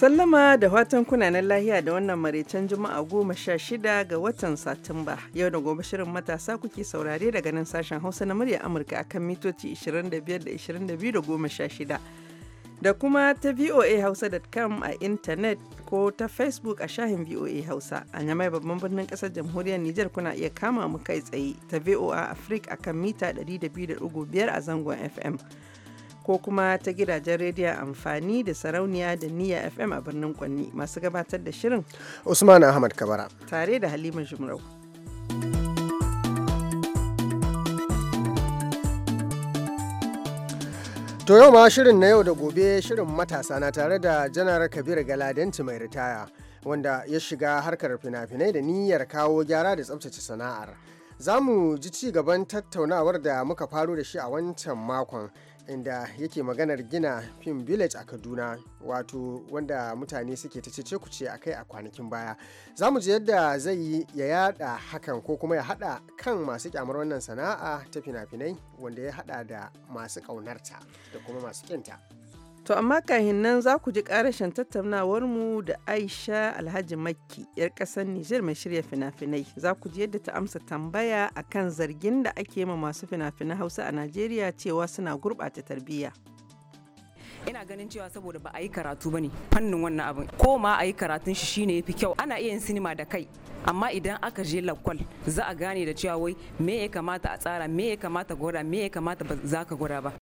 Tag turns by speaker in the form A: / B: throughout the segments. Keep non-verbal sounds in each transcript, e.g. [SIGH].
A: Sallama da watan kunanan lahiya da wannan maraicen Juma'a goma sha shida ga watan Satumba. Yau da gobe shirin matasa kuke saurare daga nan sashen Hausa na murya Amurka akan mitoci 25 da 22 da goma sha shida. Da kuma ta voa voahausa.com a intanet ko ta Facebook a shahin VOA Hausa. A nyamai babban birnin kasar jamhuriyar Nijar kuna iya kama mu kai tsaye ta VOA Africa akan mita 102.5 a zangon FM. ko kuma ta gidajen rediyon amfani da sarauniya da niyya fm a birnin kwanni masu gabatar da shirin
B: usman ahmad
A: kabara tare da halima jumrau
B: To yau ma shirin na yau da gobe shirin matasa na tare da janar Kabir Galadanci mai ritaya wanda ya shiga harkar fina-finai da niyyar kawo gyara da tsabtace sana'ar. Za mu ji ci gaban tattaunawar da muka faro da shi a wancan makon inda yake maganar gina fim village a kaduna wato wanda mutane suke ta cece kuce a kai a kwanakin baya za mu ji yadda zai yi ya yada hakan ko kuma ya hada kan masu kyamar wannan sana'a ta fina-finai wanda ya hada da masu kaunarta da kuma masu kinta.
A: To amma kahin nan za ku ji ƙarashin mu da Aisha Alhaji Makki, 'yar ƙasar Nijar mai shirya fina-finai. Za ku ji yadda ta amsa tambaya a kan zargin da ake ma masu fina-finan Hausa a Najeriya cewa suna gurɓata tarbiyya.
C: ina ganin cewa saboda ba a yi karatu ba ne fannin wannan abin ko ma a yi karatun shi shine ya fi kyau ana iya yin sinima da kai amma idan aka je lakwal za a gane da cewa wai me ya kamata a tsara me ya kamata gwada me ya kamata ba za ka gwada ba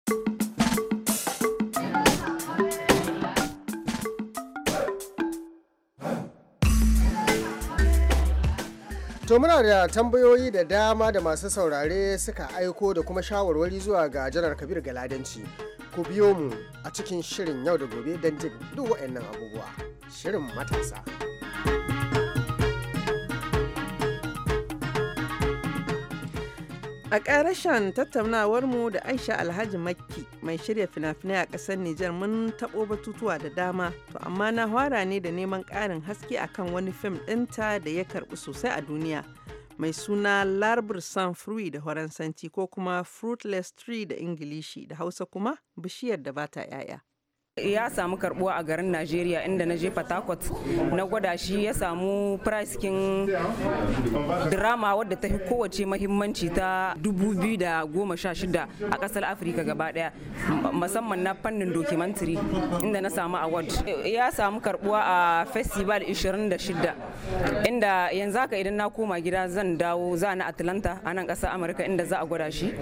B: To muna da tambayoyi da dama da masu saurare suka aiko da kuma shawarwari zuwa ga janar Kabir Galadanci. Ku biyo mu a cikin shirin yau da gobe don jin duk waɗannan abubuwa. Shirin matasa.
A: A ƙarashen tattaunawarmu da Aisha Alhaji Makki mai shirya fina-finai a ƙasar Nijar mun taɓo batutuwa da dama, to amma na hwara ne da neman ƙarin haske akan wani fim ɗinta da ya karɓi sosai a duniya. Mai suna Larbar San Fruit da Santi ko kuma Fruitless Tree da Ingilishi da Hausa kuma bishiyar da bata 'ya'ya.
C: ya samu karbuwa a garin najeriya inda na je patakot na gwada shi ya samu price drama wadda ta fi kowace mahimmanci ta 2016 a kasar afirka gaba daya musamman na fannin documentary inda na samu award ya samu karbuwa a festival 26 inda yanzu haka idan na koma gida zan dawo za na atlanta a nan kasar amurka inda za a gwada shi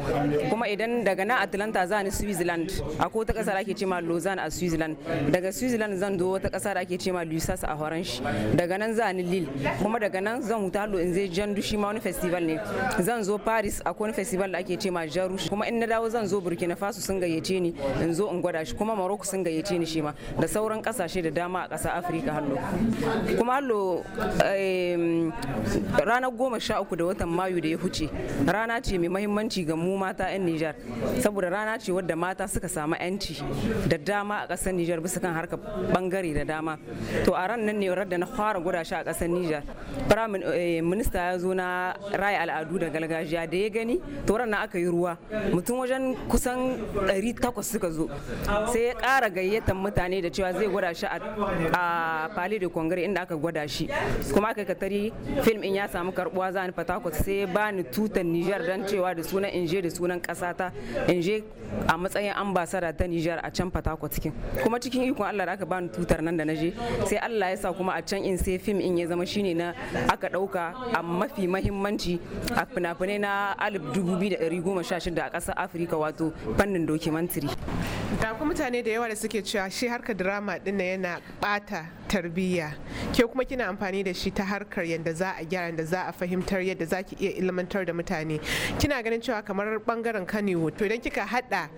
C: kuma idan daga na atlanta za ni switzerland a ko ta kasar ake ce ma lausanne a switzerland daga switzerland zan zo wata kasa da ake cema lusas a horanshi daga nan za ni lille kuma daga nan zan huta in zai jan dushi ma wani festival ne zan zo paris a wani festival da ake cema jarush kuma in na dawo zan zo burkina faso sun gayyace ni in zo in gwada shi kuma morocco sun gayyace ni shi ma da sauran kasashe da dama a kasa afirka hallo kuma hallo ranar goma sha uku da watan mayu da ya huce rana ce mai mahimmanci ga mu mata 'yan nijar saboda rana ce wadda mata suka samu 'yanci da dama a kasar Nijar bisa kan harkar bangare da dama to a ran nan ne da na fara gwada shi a kasar Nijar firayim eh, minista ya zo na raya al'adu da gargajiya da ya gani to ran aka yi ruwa mutum wajen kusan 800 suka zo sai ya kara gayyatar mutane da cewa zai gwada shi a Palais de Congrès inda aka gwada shi kuma aka katari film in ya samu karbuwa za ni sai ya bani tutan Nijar dan cewa da sunan inje da sunan kasata inje a matsayin ambasada ta Nijar a can Fatakot kin kuma cikin ikon Allah da aka bani tutar nan da na je sai Allah ya sa kuma a can in sai fim in ya zama shine na aka dauka a mafi mahimmanci a fina-finai na 2016 a ƙasar Afirka wato fannin documentary da kuma mutane da yawa da suke cewa shi harkar drama din yana
A: bata tarbiyya ke kuma kina amfani da shi ta harkar yadda za a gyara da za a fahimtar yadda za ki iya ilmantar da mutane kina ganin cewa kamar bangaren kanewo to idan kika hada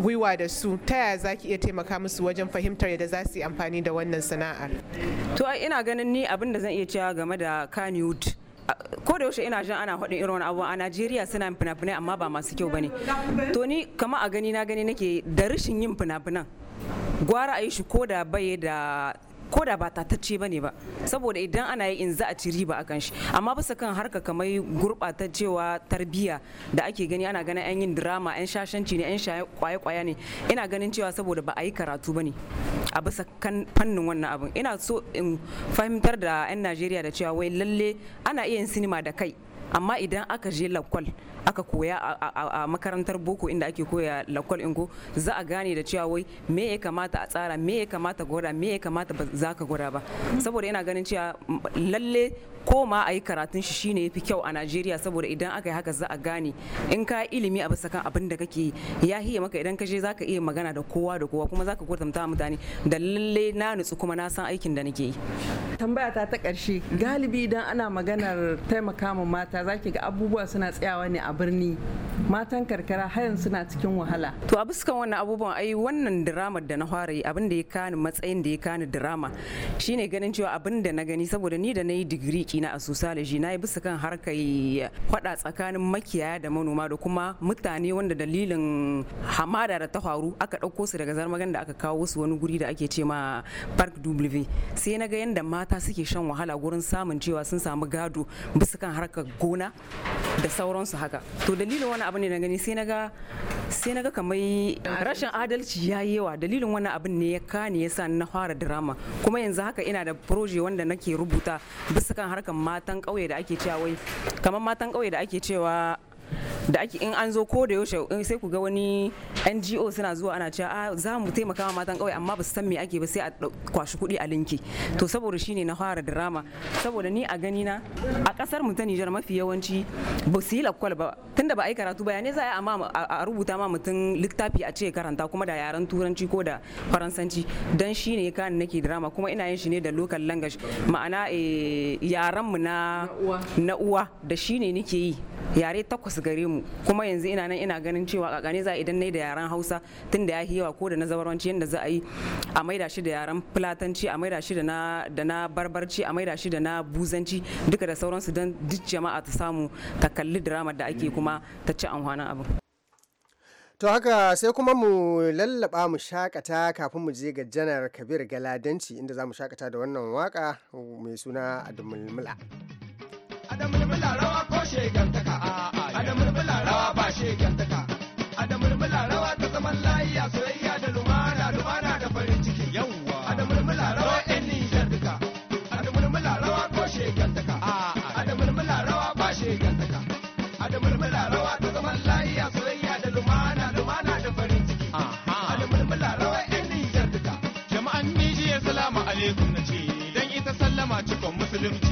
C: gwiwa da su
A: ta yaya za ki iya taimaka musu su wajen fahimtar yadda za su yi amfani da
C: wannan sana'ar to ina ganin ni abin da zan iya cewa game da Kanyud ko da yaushe ina jin ana haɗin irin wani abu a Najeriya suna yin fina-finai amma ba masu kyau bane to ni kama a gani na gani nake da rashin yin fina-finan gwara a yi shi ko da bai da ko da ba tatacce bane ba saboda idan ana yi in za a ci riba a shi amma bisa kan harka kamar cewa tarbiyya da ake gani ana ganin an yin drama an shashanci ne an shaye kwaye-kwaye ne ina ganin cewa saboda ba a yi karatu ba ne a bisa kan fannin wannan abin ina so in fahimtar da 'yan najeriya da cewa wai lalle ana iya yin sinima da kai amma idan aka je lakwal aka koya a makarantar boko inda ake koya lakwal ingo za a gane da cewa wai me ya kamata a tsara me ya kamata gwada me ya kamata ba za ka gwada ba saboda yana ganin cewa lalle ko ma a yi karatun shi shine yafi kyau a Najeriya saboda idan aka yi haka za a gane in ka ilimi a bisa kan abin da kake ya hiye maka idan ka je za ka iya magana da kowa da kowa kuma za ka gwada mutane da lalle na nutsu kuma na san aikin da nake yi
A: tambaya ta ta ƙarshe galibi idan ana maganar taimaka
C: mata zaki ga abubuwa suna tsayawa ne a a birni matan karkara hayan suna cikin wahala to a buskan wannan abubuwan ai wannan drama da na fara yi abin ya kani matsayin da ya kani drama shine ganin cewa abin da na gani saboda ni da na yi digiri kina a sociology na yi bisa kan harkar faɗa tsakanin makiyaya da manoma da kuma mutane wanda dalilin hamada da ta faru aka ɗauko su daga zarmagan da aka kawo su wani guri da ake ce ma park w sai na ga yadda mata suke shan wahala gurin samun cewa sun samu gado bisa kan harkar gona da sauransu haka to dalilin wani abu ne na gani sai na ga sai naga kamar rashin adalci ya yi yawa dalilin wani abin ne ya kani ya sa na fara drama kuma yanzu haka ina da proje wanda nake rubuta bisa kan harkar matan kauye da ake cewa kamar matan kauye da ake cewa da ake in an zo ko da yaushe sai ku ga wani NGO suna zuwa ana cewa a ah, za mu taimaka wa matan kauye amma ba su san me ake ba sai a kwashi kuɗi a linki to saboda shine na fara drama saboda ni a gani na a kasar mu ta Nijar mafi yawanci ba su yi lakwal ba tunda ba a karatu ba ne za a amma a rubuta ma mutum littafi a ce karanta kuma da yaren turanci ko da faransanci dan shine kan nake drama kuma ina yin shi ne da local language ma'ana eh, yaran mu na na uwa da shine nake yi yare takwas gare mu kuma yanzu ina nan ina ganin cewa kakane za idan nai da yaran hausa tun da ya yawa ko da na zabarwanci yadda za a yi a maida shi da yaran fulatanci a maida shi da na da na barbarci a maida shi da na buzanci duka da sauransu don duk jama'a ta samu ta kalli diramar da ake kuma ta ci amfanin abu To
B: haka sai kuma mu lallaba mu shakata kafin mu je ga janar Kabir Galadanci inda za mu shakata da wannan waka mai suna Adamulmula.
D: Adamulmula rawa ko shegantaka a da mulmula rawa ba shegantaka a da mulmula rawa ta zaman layiya soyayya da lumana lumana da farin ciki yawwa a da mulmula rawa yan nijar duka a da mulmula rawa ko shegantaka a da mulmula rawa ba shegantaka a da mulmula rawa ta zaman layiya soyayya da lumana lumana da farin ciki a da mulmula rawa yan nijar duka jama'an nijiya salamu alaikum na ce dan ita sallama cikon musulunci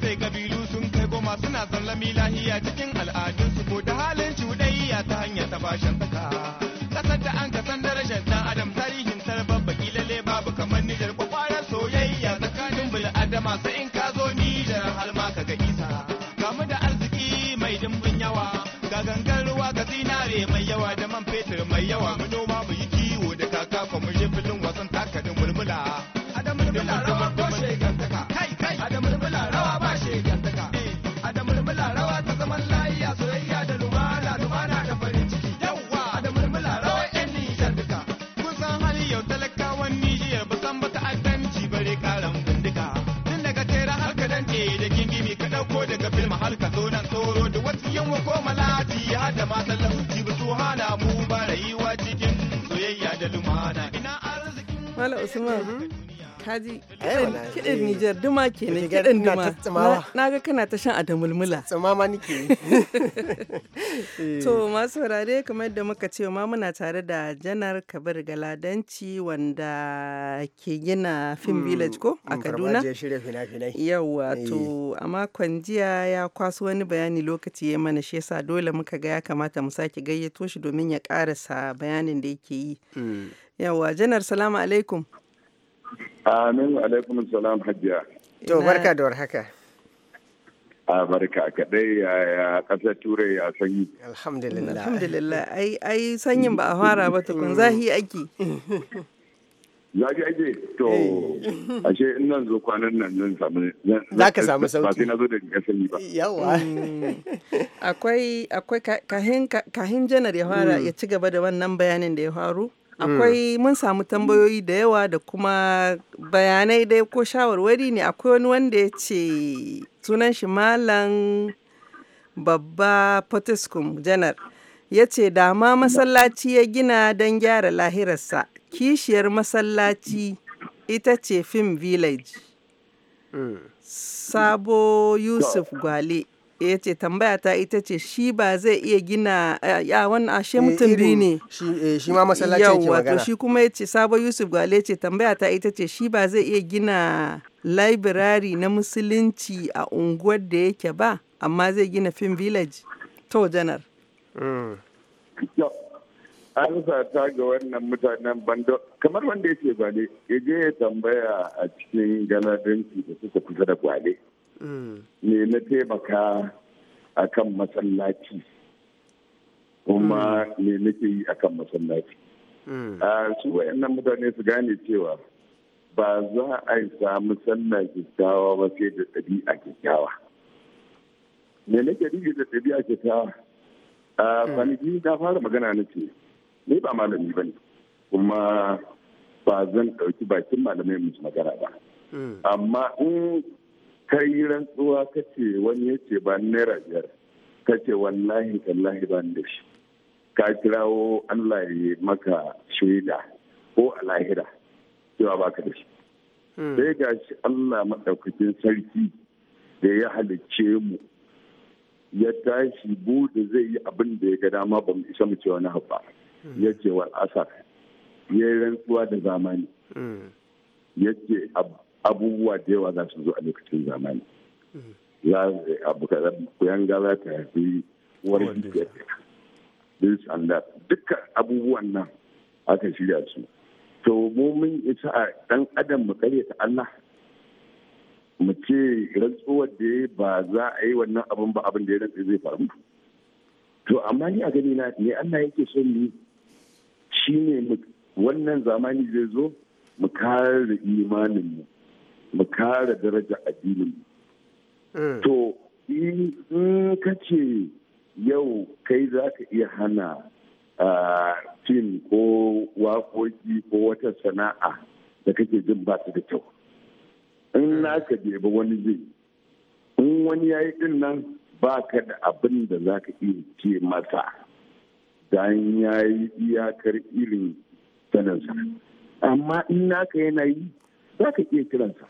D: sai kabilu sun kai goma suna son lami lahiya cikin al'adunsu ko da halin cuɗayya ta hanyar ta tsaka. saka. Kasar da an kasan da rashin dan adam tarihin sarbar baki lalle babu kamar Nijar kwakwayar soyayya tsakanin bil'adama sai in ka zo Nijar har ma ka ga isa. Kamu da arziki mai dimbin yawa ga gangan ruwa ga zinare mai yawa da man fetur mai yawa mu noma mu yi kiwo da kaka mu je daga filma har ka zo nan tsoro da wasu yanwa ko malati har da matan lahuci ba hana mu ba rayuwa cikin
A: soyayya da lumana ina arziki Mala Usman kaji kiɗin Nijar duma kenan kiɗin duma na ga kana ta shan a da mulmula tsamama nike [LAUGHS] eh. to masu saurare kamar da muka ce ma muna tare da janar kabir galadanci wanda ke gina fim mm, village ko a mm, kaduna yawa eh. to a makon jiya ya kwaso wani bayani lokaci ya mana shi yasa dole muka ga ya kamata mu sake gayyato shi domin ya karasa bayanin da yake yi mm. yawa janar salamu alaikum
E: Amin alaikum salam hajiya.
A: To barka da warhaka.
E: A barka kaɗai a ƙasar turai a sanyi. Alhamdulillah.
A: Alhamdulillah. Ai ai sanyin ba a fara ba tukun zahi ake.
E: Zafi ake to eh. ashe in nan zo kwanan nan zan samu za ka samu sauki ba sai na zo da jikin sanyi ba
A: yawa mm. akwai akwai kahin kahin janar ya fara mm. ya ci gaba da wannan bayanin da ya faru Mm. akwai mun samu tambayoyi da yawa da kuma bayanai dai ko shawarwari ne akwai wani wanda ya ce sunan shi malam babba potiskum janar ya ce dama masallaci ya gina don gyara lahirarsa kishiyar masallaci ita ce film village mm. sabo yusuf gwale ya ce tambaya ta ita ce shi ba zai iya gina ya wannan ashe eh, mutum biyu ne shi eh, ma masallaci yake magana shi kuma ya ce sabo yusuf gwale ce tambaya ta ita ce shi ba zai iya gina library na musulunci a unguwar da yake ba amma zai gina film village to janar hmm.
E: an ta ga wannan mutanen bando kamar wanda yake gwale ya je ya tambaya a cikin galadinci da suka kusa da gwale ne na taimaka a kan masallaci kuma ne nake yi a kan masallaci mm. ah, su wayannan mutane su gane cewa ba za a samu sallah kyakkyawa ba sai da ɗabi'a kyakkyawa me nake rige da ɗabi'a kyakkyawa a ah, mm. kwanaki ta fara magana na ce ni ba malami ba ne kuma ba zan ɗauki bakin malamai musu magana ba mm. amma in ka yi rantsuwa ka ce wani ya ce ba naira biyar ka ce wallahi tallahi ba da shi ka kirawo Allah ya maka shaida ko a lahira cewa ba ka da shi hmm. sai ga shi Allah maɗaukakin sarki da ya halicce mu ya tashi bude zai yi abin da ya ga dama ba mu isa mu ce wani haɓa hmm. ya ce wal asar ya yi rantsuwa da zamani hmm. ya ce abubuwa da yawa za su zo a lokacin zamani za abu kaɗan kuyanga gaza ta haifi uwar this and that duka abubuwan nan aka shirya su to mu mun isa a ɗan adam mu karyata Allah mu ce rantsuwar da ba za a yi wannan abin ba abin da ya rantsa zai faru to amma ni a gani na ne Allah yake son ni shine wannan zamani zai zo mu kare imanin mu mu kare daraja addinin hmm. to in ka ce yau kai za ka iya hana fim ko waƙoƙi ko wata sana'a da kake jin ba ta da kyau in naka hmm. ka wani zai in wani ya yi din nan ba ka da abin da za ka iya ce masa dan ya yi iyakar irin sanansa amma in naka yana yi za ka iya kiransa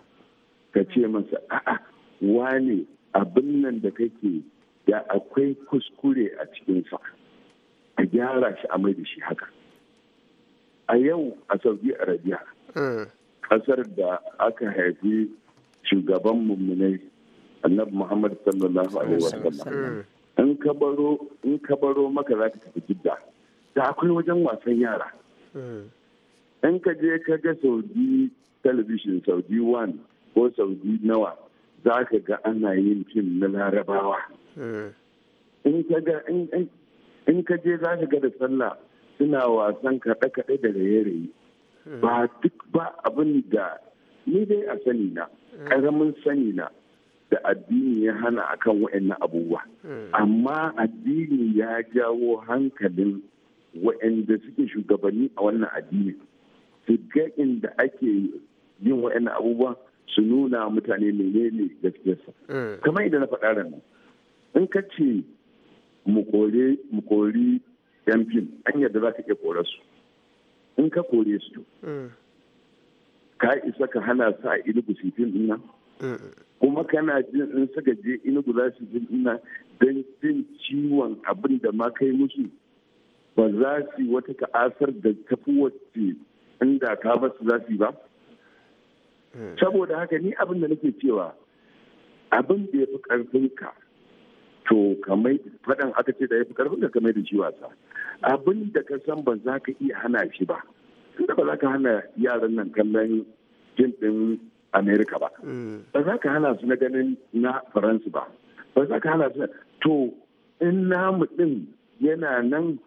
E: ka ce masa a'a wane abin nan da kake da akwai kuskure a cikinsa a gyara shi a mai da shi haka a yau a saudi arabia kasar hmm. da aka haifi shugaban mummunai annabi muhammad sallallahu alaihi wasallam hmm. in ka baro maka za ka tafi jidda da akwai wajen wasan yara hmm. in ka je ka ga saudi television saudi one ko saudi nawa za ka ga ana yin fim na larabawa eh. in ka je za ka ga da sallah suna wasan kaɗe-kaɗe da raye-raye
F: eh. ba
E: duk ba abin da ni dai a sani na eh. ƙaramin sani na da addini ya hana akan wa'annan abubuwa amma addini ya jawo hankalin waɗanda suke shugabanni a wannan addini su ga inda ake yin wa'annan abubuwa su nuna mutane menene gaskiyarsa eh. kamar idan na faɗa nan in ka ce mu kori yan fim an yadda za ka iya kore su in ka kore su eh. ka isa ka hana su a inugu su fim ina eh. kuma kana jin in saka je inugu za su fim ina don jin ciwon abin da ma kai musu ba za su yi wata ka'asar da tafi wacce inda ka basu za su yi ba Hmm. saboda haka ni abin da nake cewa abin da ya fi ƙarfinka to kamar faɗan aka ce da ya fi ƙarfinka kamar da shi wasa abin da ka san ba za ka iya hana shi ba tunda ba za ka hana yaran nan kallon jin ɗin amerika ba
F: hmm. ba
E: za ka hana su na ganin na faransu ba ba za ka hana su to in namu ɗin yana nan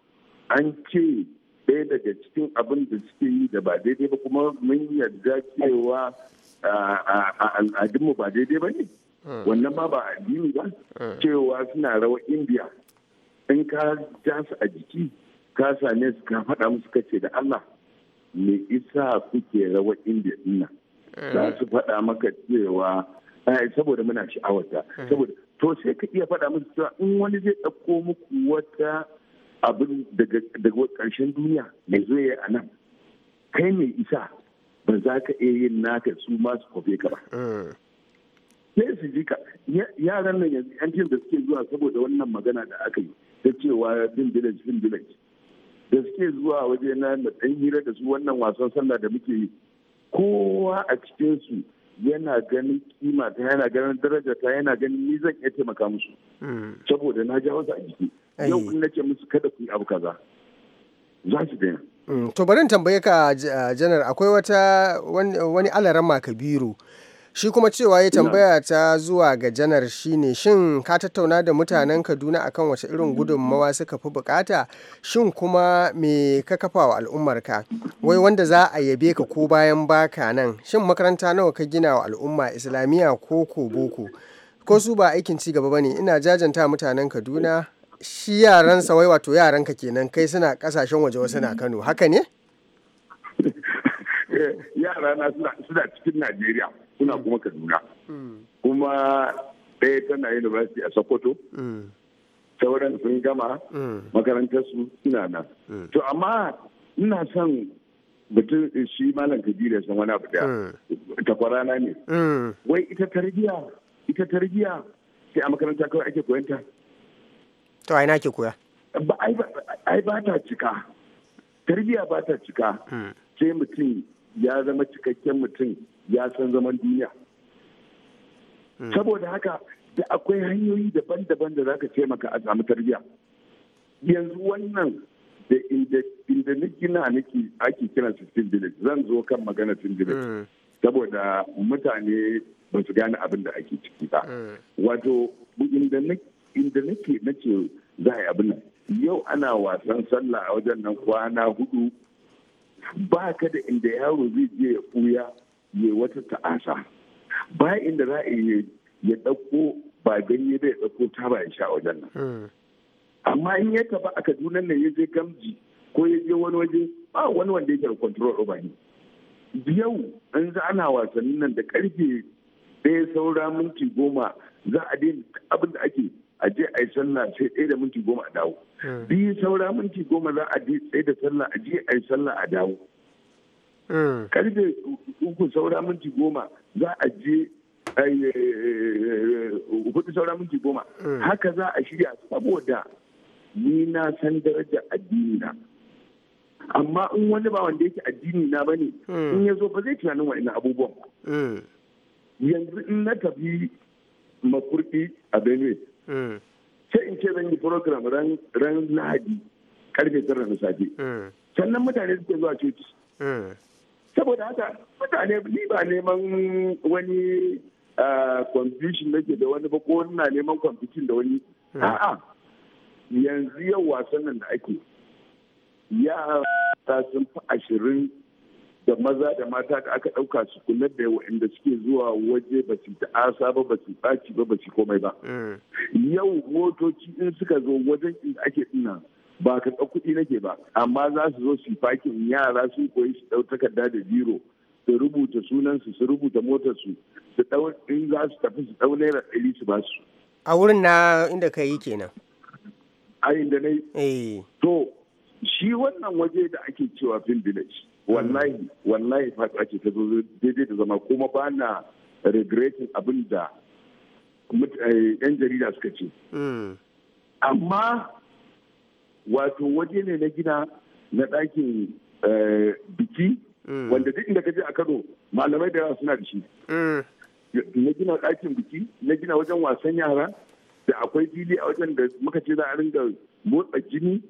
E: an ce ɗaya daga cikin abin da suke yi da ba daidai ba kuma mun yarda cewa a al'adunmu ba daidai ba ne
F: hmm. wannan ma
E: ba addini ba
F: hmm. cewa
E: suna rawa indiya in ka ja su a jiki ka same su ka faɗa musu kace da allah me isa kuke rawar indiya dinnan hmm. za su faɗa maka cewa saboda muna sha'awata saboda to sai ka iya faɗa musu cewa in wani zai ɗauko muku wata abin daga ƙarshen duniya mai zo ya a nan kai mai isa ba za ka iya yin naka su masu kofe ka ba mm. sai su ji ka yaran nan yanzu yan da suke zuwa saboda wannan magana da aka yi ta cewa bin village village da suke zuwa waje na ɗan hira da su wannan wasan sallah da muke yi kowa a cikinsu yana ganin kima ta yana ganin daraja ta yana ganin ni zan iya taimaka musu hmm. saboda na jawo wasu a jiki yau kun nace musu kada ku yi abu kaza za su daina hmm. to
B: bari tambaye ka uh, janar akwai wata wani alaran Kabiru. shi kuma cewa ya tambaya ta zuwa ga janar shine shin ka tattauna da mutanen kaduna akan wace irin gudunmawa suka fi bukata shin kuma me ka kafa wa al'ummarka wai wanda za a yabe ka ko bayan baka nan shin makaranta nawa ka gina wa al'umma islamiyya ko ko boko ko su ba aikin ci gaba bane ina jajanta mutanen kaduna shi yaransa wai wato yaranka kenan kai suna kasashen waje wasu na kano haka ne
E: [LAUGHS] eh, yara na suna cikin najeriya suna kuma kaduna kuma ɗaya tana university a sokoto sauran sun gama makarantarsu suna nan to amma ina son batun shi malam kabiru san wani abu da na ne wai ita tarbiya ita tarbiya sai a makaranta kawai ake koyanta to ai ke koya ai ba ta cika tarbiya ba ta cika hmm. sai mutum ya zama cikakken mutum ya san zaman duniya hmm. saboda haka da akwai hanyoyi daban-daban da za ka taimaka a samu tarbiyya yanzu wannan da inda na gina nake ake kira 16 village zan zo kan magana 16 village hmm. saboda mutane ba su gane abin da ake ciki ba
F: hmm. wato
E: inda nake nake za a yi abin nan yau ana wasan sallah a wajen nan kwana hudu ba ka da inda yaro zai je ya ɓuya ya wata ta'asa ba inda za a ya ɗauko ba ganye bai ɗauko ta ya sha wajen nan hmm. amma in ya taba a kaduna nan ya je gamji ko ya je wani waje ba wani wanda yake da control over ne yau in za ana wasannin nan da karfe ɗaya saura minti goma za a daina abin da ake a je a yi sallah sai ɗaya da minti goma a dawo hmm. biyu saura minti goma za a je tsaye da sallah a je a yi sallah a dawo karfe uku saura minti goma za a je eh, eh, hudu saura minti goma haka za a shirya saboda ni na san daraja addini na amma in wani ba wanda yake addini na ba ne. in ya zo ba zai tunanin wani abubuwan yanzu in na tafi makurdi a benue sai in ce zan yi program ran lahadi karfe tara na safe sannan mutane suke zuwa coci saboda haka mutane ni ba neman wani confusion nake da wani ba ko na neman confusion da wani hmm. a'a yanzu yau wasan nan da ake ta sun fi ashirin da maza da mata da aka ɗauka su kula da yawa inda suke zuwa waje ba su ta'asa ba ba su ba ba su komai ba hmm. yau motoci in suka zo wajen inda ake ɗinnan. ba ka kuɗi nake ba amma za su zo su fakin yara su koyi su ɗau takarda da biro su rubuta sunansu su rubuta motarsu su ɗau in za su tafi su ɗau naira ɗari su ba su.
B: a wurin na inda ka yi kenan.
E: a inda na yi. Eh. to shi wannan waje da ake cewa fin village wallahi wallahi fata ce ta zo daidai da zama kuma ba na regretin abin da eh, yan jarida suka ce. Mm. amma wato waje ne na gina na ɗakin eh, biki mm. wanda duk inda ka je a kano malamai da yawa suna da shi mm. na gina ɗakin biki na gina wajen wasan yara da akwai fili a wajen da muka ce za a ringa motsa jini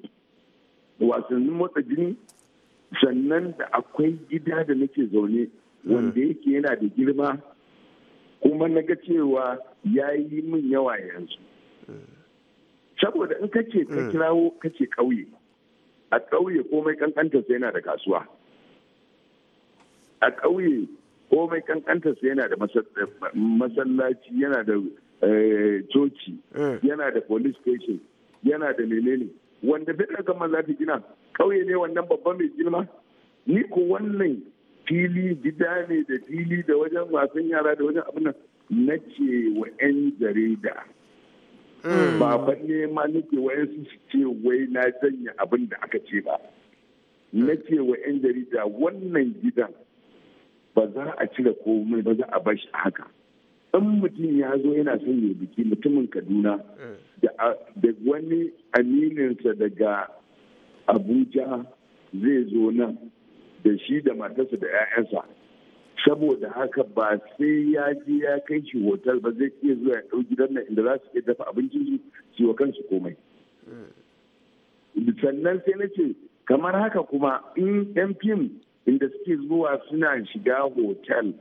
E: wasannin motsa jini sannan da akwai gida da nake zaune mm. wanda yake yana da girma kuma na ga cewa ya yi min yawa yanzu saboda in kake ka mm. kirawo kake kauye a kauye komai kankanta sai yana da kasuwa a kauye komai kankanta sai yana da masallaci yana da eh, coci mm. yana da police station yana da menene wanda federal kama za ta gina kauye ne wannan babban mai girma ni ko wannan fili gida ne da fili da wajen wasan yara da wajen abin nan na ce wa 'yan jarida Mm. ba fa nema nake wayansu su ce wai na janye abin da aka ce ba na ce wa 'yan jarida wannan gidan ba za a cire komai ba za a bar shi haka in mutum ya zo yana son ya biki mutumin kaduna mm. da wani amininsa daga abuja zai zo nan da shi da matarsa da 'ya'yansa saboda haka ba sai ya je ya kai shi hotel ba zai iya zuwa ya gidan nan inda za su iya dafa abincin su su wa kansu komai sannan sai na ce kamar haka kuma in yan fim inda suke zuwa suna shiga hotel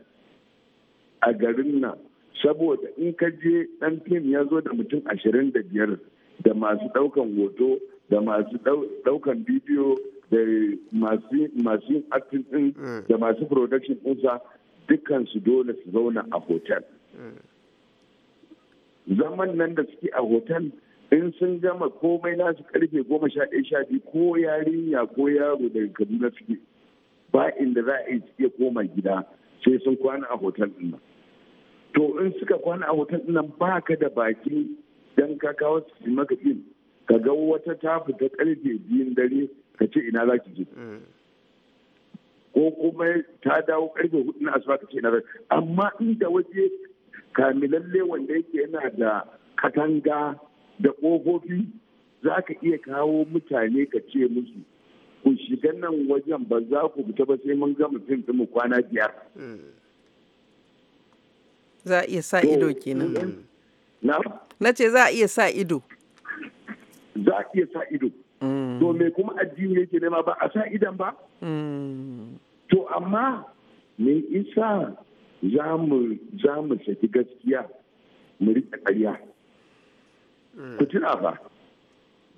E: a garin nan saboda in ka je ɗan fim ya zo da mutum ashirin da biyar da masu ɗaukan hoto da masu ɗaukan bidiyo da masu aktin din mm. da masu production ɗinsa su dole su zauna a hotel mm. zaman nan da suke a hotel in sun gama komai su karfe goma sha ɗaya sha biyu ko yarinya ko yaro daga kaduna suke ba inda za a yi suke koma gida sai sun kwana a hotel ɗin nan to in suka kwana a hotel ɗin nan ba ka da baki dan ka kawo su maka ɗin ka ga wata ta fita karfe biyun dare ka ce ina za ki je ko kuma ta dawo karfe hudu na asuba ka ce ina za amma inda waje kamilalle wanda yake yana da katanga da ƙofofi za ka iya kawo mutane ka ce musu ku shiga nan wajen ba za ku fita ba sai mun gama fim fim kwana biyar.
A: Za a iya sa ido kenan. Na ce za a iya sa ido. Za a iya sa ido. Mm. to me kuma addini yake nema ba a sa idan ba
E: mm. to amma me isa za mu za saki gaskiya mu rika ƙarya mm. ku tuna ba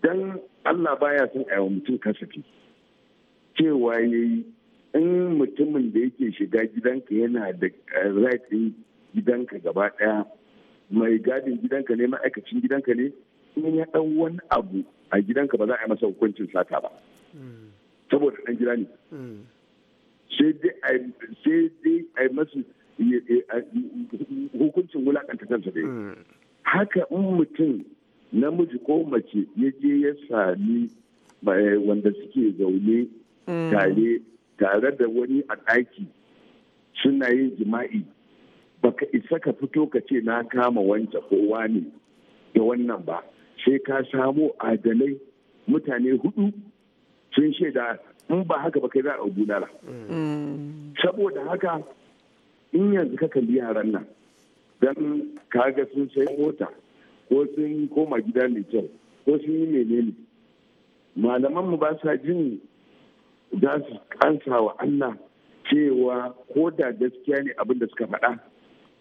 E: dan Allah baya son a mutum kasafi cewa yayi in mutumin da yake shiga gidanka yana da eh, right gidanka gaba daya mai gadin gidanka ne ma'aikacin gidanka ne in ya dan wani abu a gidanka ba za a yi masa hukuncin sata ba saboda dan gida ne sai dai a yi masu hukuncin wulakanta kansa dai haka in mutum namiji ko mace ya je ya sami wanda suke zaune
F: tare
E: tare da wani a ɗaki suna yin jima'i baka isa ka fito ka ce na kama wancan kowa ne da wannan ba sai ka samo adalai mutane hudu sun shaida in ba haka ba kai za a bulala saboda haka in yanzu ka kalli yaran nan don kaga sun sai mota ko sun koma gida mai kyau ko sun yi menene malaman mu ba sa jin za su kansa wa Allah cewa ko da gaskiya ne abin da suka faɗa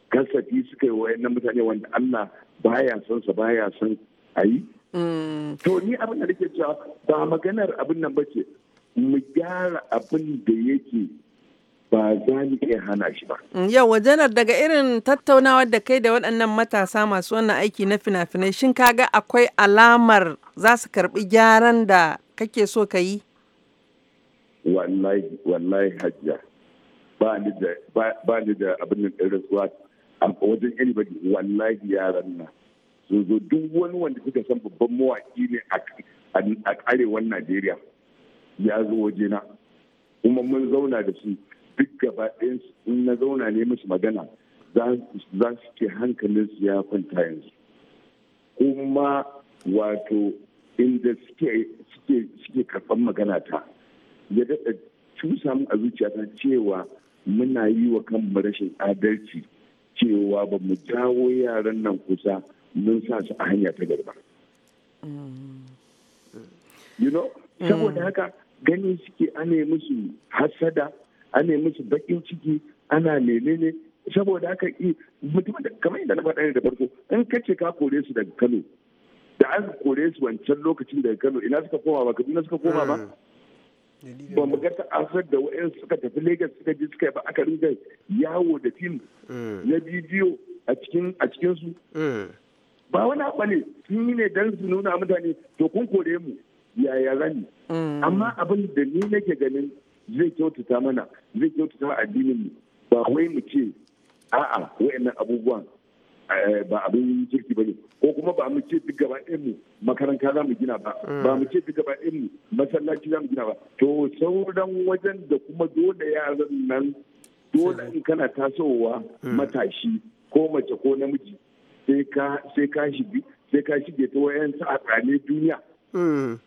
E: kasafi suka yi wa mutane wanda Allah baya son sa baya son a yi mm. to ni abin da nake cewa ba maganar abin nan bace mu gyara abin da yake ba za mu iya hana shi ba.
A: Mm, Yau janar daga irin tattaunawar da kai da waɗannan matasa masu wannan aiki na fina-finai shin ga akwai alamar za su karɓi gyaran da kake so ka yi?
E: Wallahi, hajiya. Ba ni da abin da irin a wajen anybody wallahi yaran nan. su zo duk wani wanda suka san babban mawaki ne a arewan najeriya ya zo wajena kuma mun zauna da su duk gaba in na zauna ne musu magana za su ke hankalin su ya kwanta yanzu kuma wato inda suke karɓar magana ta ya daɗa cusa mu a zuciyata cewa muna yi wa kanmu rashin adalci cewa ba mu jawo yaran nan kusa mun sa su a hanya ta garba you know saboda mm. haka gani suke ana musu hasada ana musu bakin ciki ana ne, saboda haka mutum kamar yadda na faɗa da farko in kace ka kore su daga Kano da aka kore su wancan lokacin daga Kano ina suka koma ba Kaduna suka koma ba mm. ba mu ga ta'asar da wa'in suka tafi legas suka je suka ba aka ringa yawo da fim mm. na bidiyo a cikin su ba wani abu ne sun yi ne don su nuna mutane to kun kore mu yaya zani
F: mm. amma
E: abin da ni nake ganin zai kyautata mana zai kyautata addinin mu ba wai mu ce a'a wayannan abubuwan eh, ba abin kirki ba ne ko kuma ba mu ce duk gaba mu makaranta za mu gina ba mm. ba mu ce duk gaba mu masallaci za mu gina ba to sauran wajen da kuma dole yaran nan dole in kana tasowa mm. matashi ko mace ko namiji sai ka shige sai ka shige ta wayan sa a duniya hmm.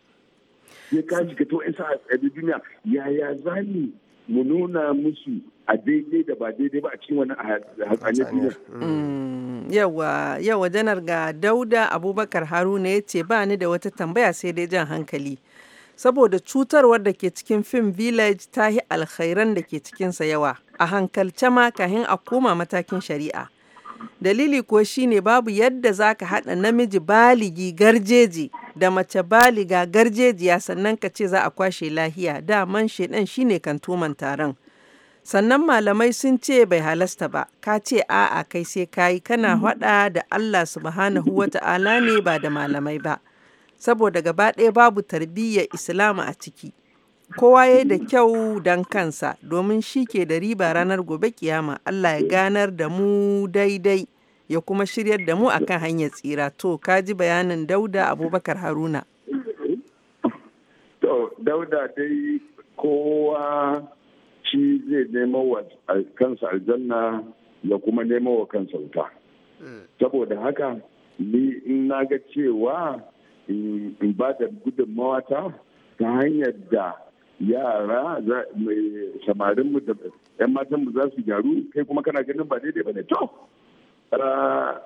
E: sai ka shige ta wayan sa a duniya yaya za ni mu nuna musu a daidai da ba daidai ba a cikin wani a tsane duniya.
A: Hmm. Yawa, yawa janar ga Dauda Abubakar Haruna ya ce ba ni da wata tambaya sai dai jan hankali. Saboda cutarwar da ke cikin fim Village ta yi alkhairan da ke cikinsa yawa, a hankalce ma kahin a koma matakin shari'a. Dalili kuwa shine babu yadda za ka haɗa namiji baligi garjeji da mace baliga garjejiya sannan ka ce za a kwashe lahiya daman shedan shine kantoman taron. sannan malamai sun ce bai halasta ba ka ce a'a kai sai kayi kana haɗa da Allah subhanahu ta'ala ne ba da malamai ba saboda gaba ɗaya babu tarbiyyar islamu a ciki kowa ya da kyau don kansa domin shi ke da riba ranar gobe kiyama Allah ya ganar da mu daidai ya kuma shiryar da mu akan hanyar tsira to kaji bayanin dauda abubakar haruna
E: to dauda dai kowa shi zai nemo wa kansa aljanna ya kuma nemo wa kansa wuta saboda haka ni in na ga cewa in ba da gudunmawa ta hanyar da yara samarin mu da yan matan mu za su gyaru kai kuma kana ganin ba daidai ba ne to ah,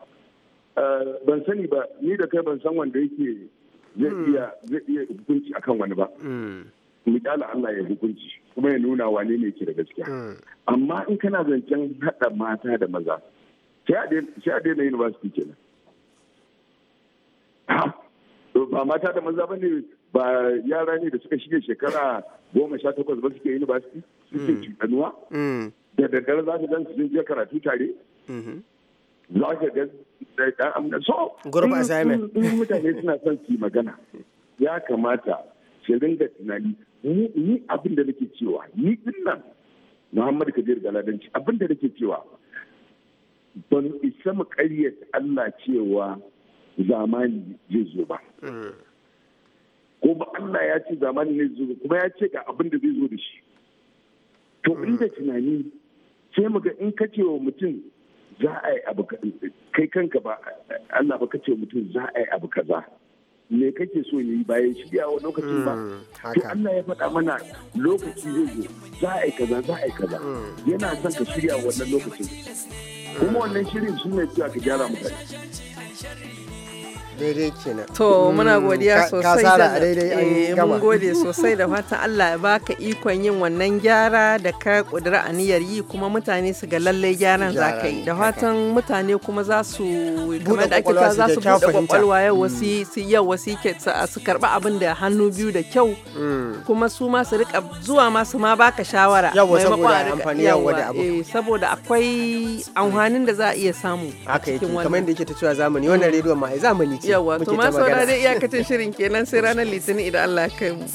E: ah, ban sani ba ni da kai ban san wanda yake zai hmm. iya zai iya hukunci akan wani ba hmm. mu dala Allah ya hukunci kuma ya nuna wane ne ke da gaskiya hmm. amma in kana zancen hada mata da maza sai a daina university kenan ba mata da maza ba ne ba yara ne da suka shige shekara goma sha takwas ba suke su suke cikanuwa mm. mm. da daddare za su dan su je karatu tare mm-hmm. za ka ga dan amna so group assignment mutane suna son su magana ya kamata su ringa tunani ni abin da nake cewa ni dinnan Muhammad Kabir Galadanci abin da nake cewa ban isa mu ƙaryata Allah cewa zamani zai zo ba kuma Allah ya ce zamani ne zai zo kuma ya ce ga abin da zai zo da shi to inda tunani sai mu ga in ka ce wa mutum za a yi abu kai kanka ba Allah ba ka ce mutum za a yi abu kaza me kake so ya yi bayan shi yawo lokacin ba hmm, to Allah ya faɗa mana lokaci zai zo za a yi kaza za a yi kaza hmm. yana son ka shirya wannan lokacin kuma wannan shirin shi ne cewa ka gyara mutane
B: daidai kenan to mm, muna godiya sosai da daidai eh, mun gode sosai da
A: fatan Allah ya baka ikon yin wannan gyara da ka kudura aniyar yi kuma mutane su ga lalle gyaran za ka yi da fatan mutane kuma za su kamar da ake za su buɗe kwakwalwa yau mm. wasu yau wasu ke su karɓi abin da hannu biyu da kyau mm. kuma su ma su rika zuwa ma su ma baka shawara yawa saboda amfani yawa da abu eh, saboda akwai amfanin da za a iya samu
B: a cikin wannan kamar yadda yake ta cewa zamani wannan rediyon ma ai zamani litinin yawa to ma saurare
A: iyakacin shirin kenan sai ranar litinin idan Allah kai mu